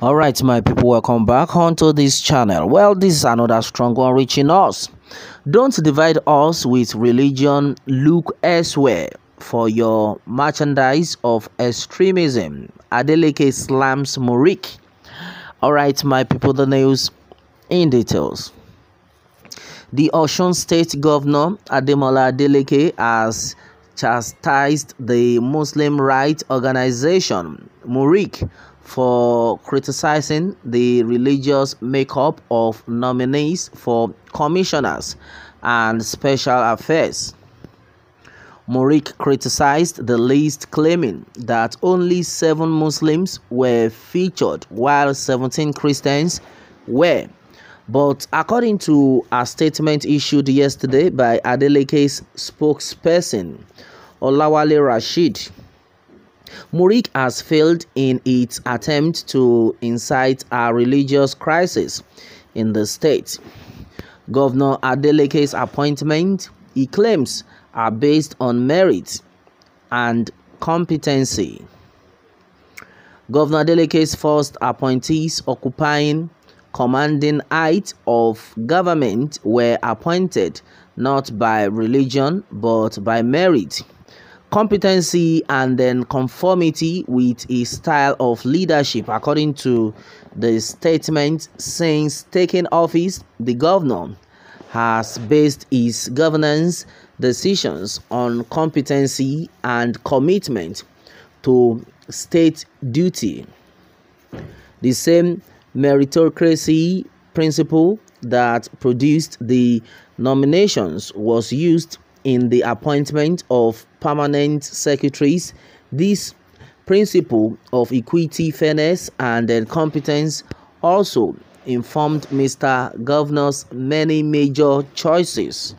all right my people welcome back onto this channel well this is another strong one reaching us don't divide us with religion look elsewhere for your merchandise of extremism adeleke slams Morik. all right my people the news in details the Oshun State Governor Ademola Adeleke has chastised the Muslim rights organization Murik for criticizing the religious makeup of nominees for commissioners and special affairs. Morik criticized the list, claiming that only seven Muslims were featured while 17 Christians were. But according to a statement issued yesterday by Adeleke's spokesperson, Olawale Rashid, Murik has failed in its attempt to incite a religious crisis in the state. Governor Adeleke's appointment, he claims, are based on merit and competency. Governor Adeleke's first appointees occupying commanding heights of government were appointed not by religion but by merit, competency, and then conformity with his style of leadership. According to the statement, since taking office, the governor has based his governance decisions on competency and commitment to state duty. The same meritocracy principle that produced the nominations was used in the appointment of permanent secretaries. This principle of equity, fairness, and competence also informed Mr. Governor's many major choices.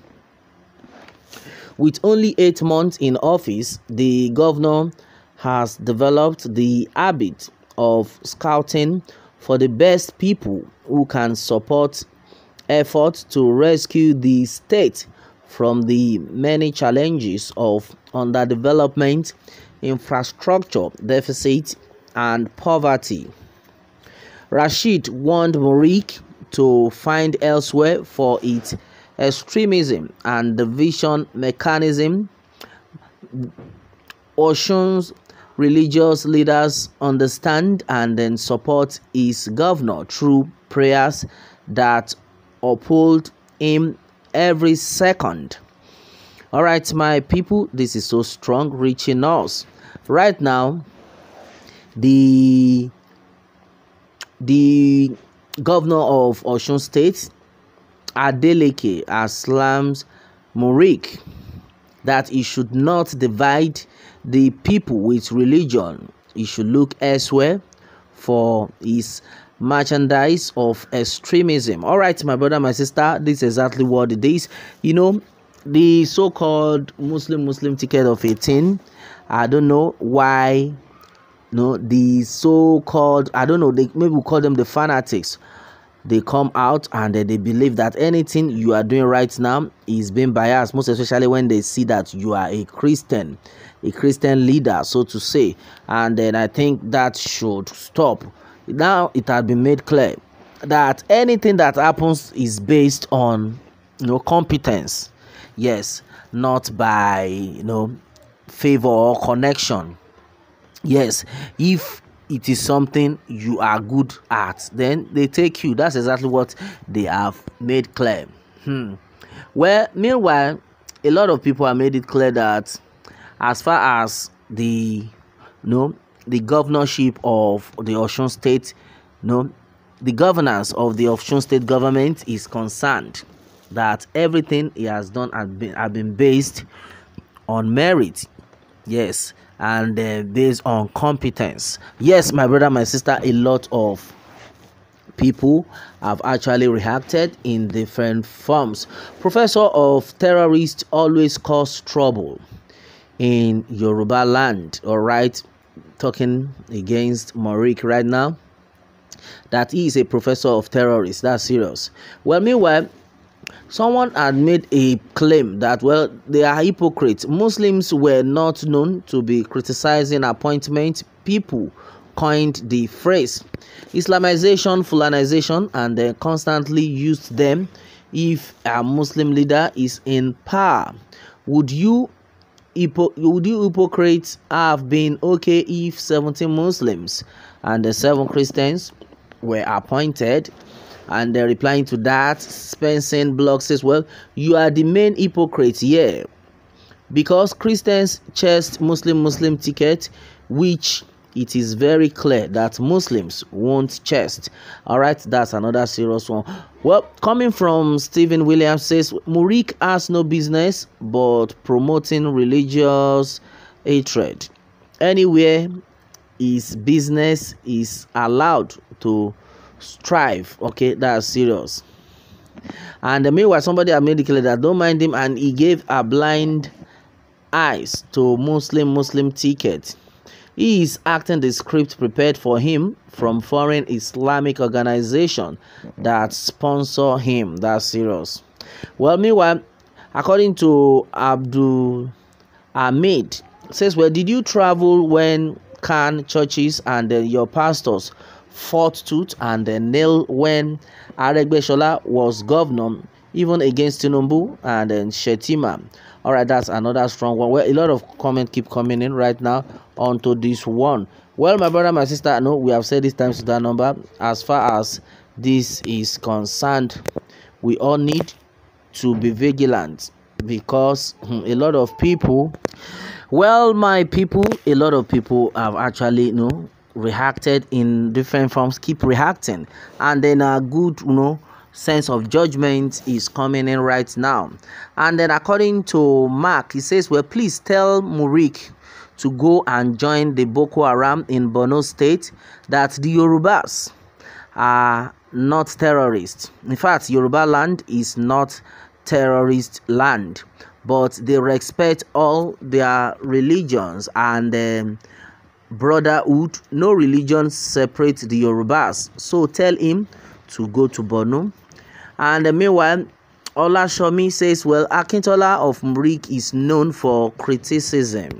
With only eight months in office, the governor has developed the habit of scouting for the best people who can support efforts to rescue the state from the many challenges of underdevelopment, infrastructure deficit, and poverty. Rashid warned Morik to find elsewhere for its extremism and division mechanism. Ocean's religious leaders understand and then support his governor through prayers that uphold him every second. All right, my people, this is so strong reaching us. Right now, the the governor of Osun State, Adeleke, has slammed Murik that he should not divide the people with religion, he should look elsewhere for his merchandise of extremism. All right, my brother, my sister, this is exactly what it is. You know, the so called Muslim Muslim ticket of 18, I don't know why. You no, know, the so called, I don't know, they maybe we call them the fanatics they come out and they believe that anything you are doing right now is being biased, most especially when they see that you are a Christian, a Christian leader, so to say. And then I think that should stop. Now it has been made clear that anything that happens is based on you know competence, yes, not by you know favor or connection. Yes, if it is something you are good at then they take you that's exactly what they have made clear hmm. well meanwhile a lot of people have made it clear that as far as the you no know, the governorship of the ocean state you no know, the governance of the ocean state government is concerned that everything he has done has been, has been based on merit yes and uh, based on competence. Yes, my brother, my sister, a lot of people have actually reacted in different forms. Professor of terrorists always cause trouble in Yoruba land. All right, talking against Morik right now. That he is a professor of terrorists. That's serious. Well, meanwhile, Someone had made a claim that, well, they are hypocrites. Muslims were not known to be criticizing appointment people coined the phrase. Islamization, Fulanization, and they constantly used them if a Muslim leader is in power. Would you would you hypocrites have been okay if 17 Muslims and the 7 Christians were appointed. And they're replying to that, Spencer Block says, Well, you are the main hypocrite here because Christians chest Muslim Muslim ticket, which it is very clear that Muslims won't chest. All right, that's another serious one. Well, coming from Stephen Williams says Murik has no business but promoting religious hatred anywhere his business is allowed to strive okay that's serious and meanwhile somebody had made it clear that don't mind him and he gave a blind eyes to muslim muslim ticket he is acting the script prepared for him from foreign islamic organization that sponsor him that's serious well meanwhile according to abdul ahmed says well did you travel when can churches and uh, your pastors fought tooth and uh, nail when Aregbesola was governor, even against Tinubu and then uh, Shetima. All right, that's another strong one. Well, a lot of comment keep coming in right now onto this one. Well, my brother, my sister, I know we have said this time to that number. As far as this is concerned, we all need to be vigilant because hmm, a lot of people well, my people, a lot of people have actually, you know, reacted in different forms, keep reacting. And then a good, you know, sense of judgment is coming in right now. And then according to Mark, he says, well, please tell Murik to go and join the Boko Haram in Borno State that the Yorubas are not terrorists. In fact, Yoruba land is not terrorist land. but they respect all their religions and um, brotherhood. No religion separate the Yorubas. So tell him to go to Borno. And uh, meanwhile, Olashomi says, well, Akintola of Mrik is known for criticism.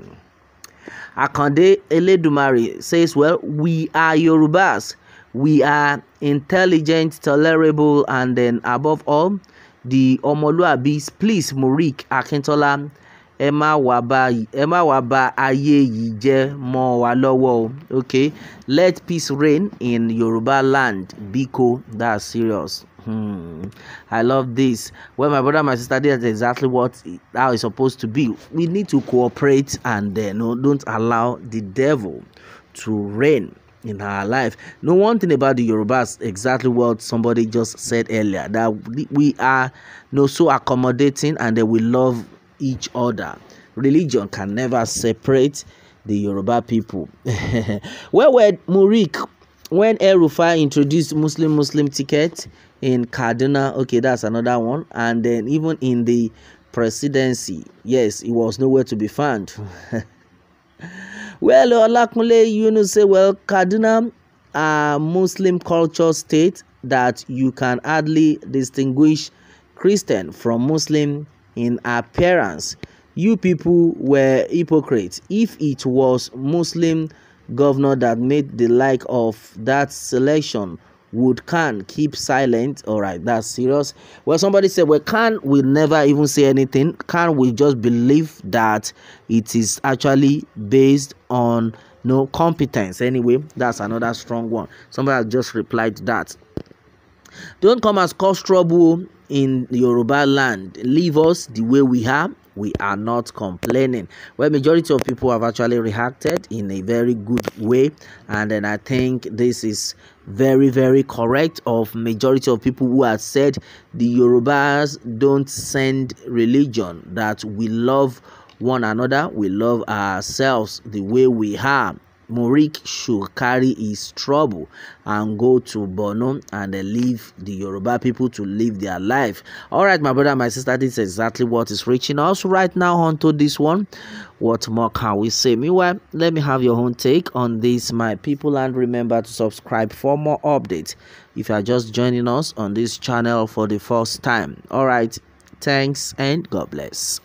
Akande Eledumare says, well, we are Yorubas. We are intelligent, tolerable, and then above all, the ọmọlúàbí Split Morrik Akintola, ẹ má wàá ba ayé yìí jẹ́ mọ́ wa lọ́wọ́ o, okay? Let peace reign in Yoruba land Biko, that's serious. Hmm, I love this. Well, my brother and my sister, that's exactly what how it's supposed to be. We need to cooperate and uh, no, don't allow the devil to reign in our life. No one thing about the Yorubas, exactly what somebody just said earlier, that we are you know, so accommodating and that we love each other. Religion can never separate the Yoruba people. Where were Murik when El Rufai introduced Muslim Muslim ticket in Kaduna? Okay, that's another one. And then even in the presidency, yes, it was nowhere to be found. Well, Olakunle you know, say, well, Kaduna a Muslim culture state that you can hardly distinguish Christian from Muslim in appearance. You people were hypocrites. If it was Muslim governor that made the like of that selection would can keep silent all right that's serious well somebody said well can we never even say anything can we just believe that it is actually based on no competence anyway that's another strong one somebody just replied that don't come and cause trouble in yoruba land leave us the way we have." we are not complaining well majority of people have actually reacted in a very good way and then i think this is very very correct of majority of people who have said the yorubas don't send religion that we love one another we love ourselves the way we are Morik should carry his trouble and go to Bono and leave the Yoruba people to live their life. All right, my brother my sister, this is exactly what is reaching us right now onto this one. What more can we say? Meanwhile, let me have your own take on this, my people, and remember to subscribe for more updates if you are just joining us on this channel for the first time. All right, thanks and God bless.